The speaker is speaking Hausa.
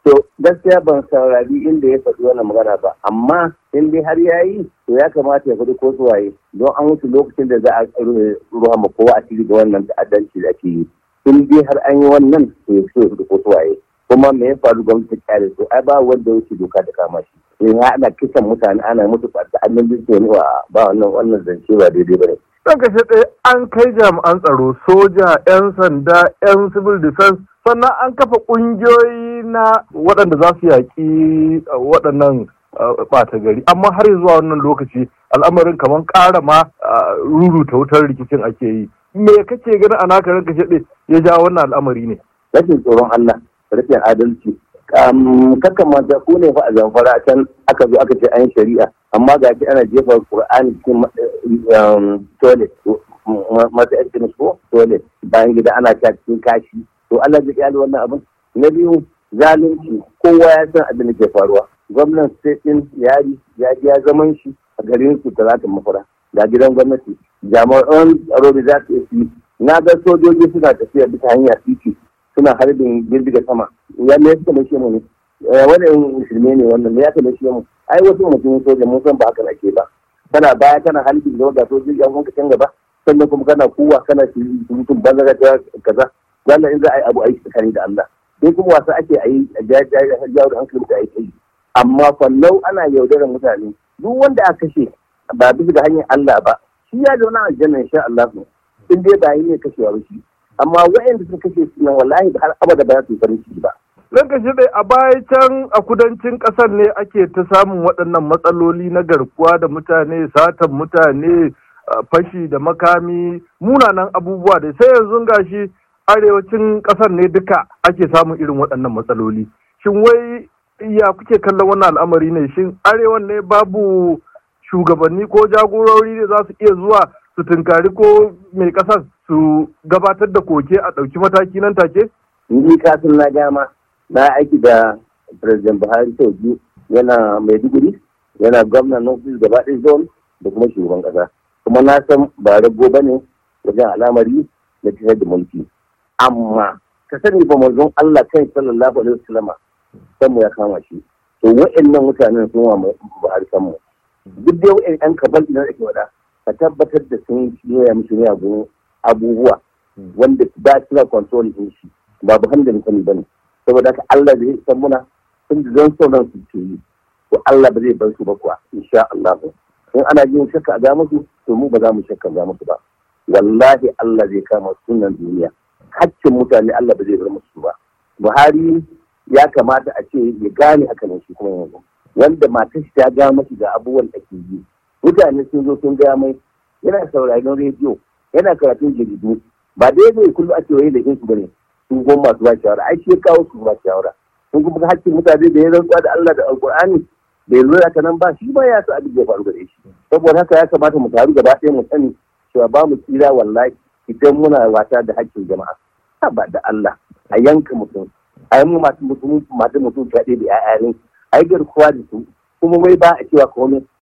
To gaskiya ban saurari inda ya faɗi wannan magana ba, amma in dai har ya yi to ya kamata ya faɗi ko suwaye don an wuce lokacin da za a ruwa ma kowa a cikin wannan ta'addanci da ake yi. In dai har an yi wannan to ya fito ya faɗi ko suwaye. Kuma me ya faru gwamnati ta kyale to ai ba wanda wuce doka da kama shi. In ya ana kisan mutane ana mutu ta'addanci wa ba wannan wannan zance ba daidai ba ne. ɗan kashe ɗaya an kai jami'an tsaro soja 'yan sanda 'yan civil defense sannan an kafa ƙungiyoyi na waɗanda za su yaƙi uh, waɗannan uh, ɓata gari amma har zuwa wannan lokaci al'amarin kamar ƙara ma uh, ruruta wutar rikicin ake yi me kake ganin a naka ranka shaɗe ya ja wannan al'amari ne rashin tsoron Allah rashin adalci kakamata ku ne fa a zamfara can aka zo aka ce an shari'a amma ga shi ana jefa Qur'an cikin um, toilet masu yan ko toilet bayan gida ana cikin kashi to Allah ya iyali wannan abin na biyu zalunci kowa ya san abin da ke faruwa gwamnan state din yari ya ji ya zaman shi a garin su talatin mafara da gidan gwamnati jami'an tsaro da za su yi na ga sojoji suna tafiya bisa hanya titi suna harbin da sama ya me suka mai mu ne eh, wannan musulmi ne wannan ya suka shi mu ai wasu mutumin soja mun san ba haka nake ba kana baya kana harbin da wanda sojoji an wanka can gaba sannan kuma kana kuwa kana mutum banza kaza wannan in za a yi abu aiki tsakani da Allah sai kuma wasa ake a yi a jawo da hankali ta aiki amma fallau ana yaudarar mutane duk wanda aka kashe ba bisa da hanyar Allah ba shi ya zauna a jannan insha Allah ne in dai ba yi ne kashewa ba shi amma waɗanda suka kashe su nan wallahi har abada ba za su farin ciki ba lokaci dai a baya can a kudancin ƙasar ne ake ta samun waɗannan matsaloli na garkuwa da mutane satan mutane fashi da makami munanan abubuwa da sai yanzu gashi arewacin kasar ne duka ake samun irin waɗannan matsaloli shin wai ya kuke kallon wannan al'amari ne shin arewan ne babu shugabanni ko jagorori ne za su iya zuwa su tunkari ko mai ƙasar su gabatar da koke a ɗauki mataki nan take? Ni kasin na dama na aiki da President Buhari sau biyu yana Maiduguri yana gwamnan nufis gaba ɗin zone da kuma shugaban ƙasa. Kuma na san ba rago ba ne wajen al'amari na tafiyar da mulki. amma ka sani ba manzon Allah kai sallallahu alaihi wasallam san ya kama shi to wa'annan mutanen sun wa Buhari san mu duk da wa'annan kabal da ake wada ka tabbatar da sun yoya musu ne abubuwa wanda ba su da control din shi ba bu handa ba bane saboda ka Allah zai san muna sun da zan sauran su ke yi to Allah ba zai bar su ba kuwa insha Allah in ana jin shakka a ga musu to mu ba za mu shakka ga musu ba wallahi Allah zai kama sunan duniya haƙƙin mutane Allah ba zai bar musu ba Buhari ya kamata a ce ya gane hakanin shi kuma yanzu wanda matar shi ta ga mashi ga abubuwan da ke yi mutane sun zo sun gaya mai yana sauraron rediyo yana karatun jaridu ba daidai kullum a cewa da su bane sun goma masu ba shawara ai shi ya kawo su ba shawara sun kuma haccin mutane da ya rantsuwa da Allah da Alƙur'ani bai lura ta nan ba shi ba ya sa abin da faru gare shi saboda haka ya kamata mu taru gaba ɗaya mu sani cewa ba mu tsira wallahi idan muna wata da hakkin jama'a ba da Allah a yanka mutum a yi masu mutum masu mutum fyaɗe da yayarin a yi garkuwa da su kuma wai ba a cewa komai